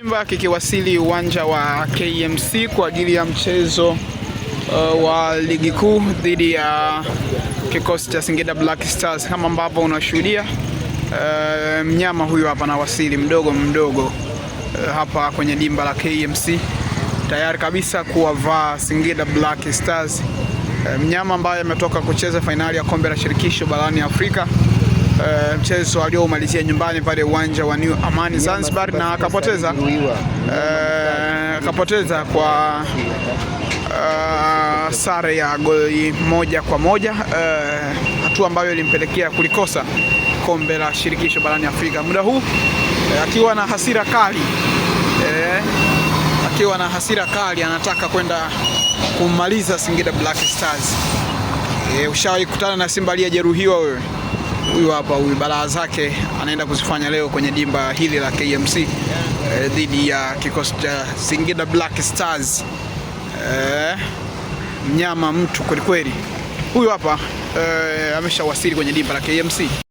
Simba kikiwasili uwanja wa KMC kwa ajili ya mchezo uh, wa ligi kuu dhidi ya kikosi cha Singida Black Stars, kama ambavyo unashuhudia uh, mnyama huyu hapa anawasili mdogo mdogo uh, hapa kwenye dimba la KMC tayari kabisa kuwavaa Singida Black Stars, uh, mnyama ambaye ametoka kucheza fainali ya kombe la shirikisho barani Afrika. Eh, mchezo alioumalizia nyumbani pale uwanja wa New Amani Zanzibar, na akapoteza eh, akapoteza uh, kwa uh, sare ya goli moja kwa moja uh, hatua ambayo ilimpelekea kulikosa kombe la shirikisho barani Afrika muda huu uh, akiwa na hasira kali uh, akiwa na hasira kali anataka kwenda kumaliza Singida Black Stars. Uh, ushawahi kukutana na Simba aliyejeruhiwa wewe? huyu hapa, huyu balaa zake anaenda kuzifanya leo kwenye dimba hili la KMC e, eh, dhidi ya kikosi cha Singida Black Stars e, mnyama mtu kwelikweli. Huyu hapa e, ameshawasili kwenye dimba la KMC.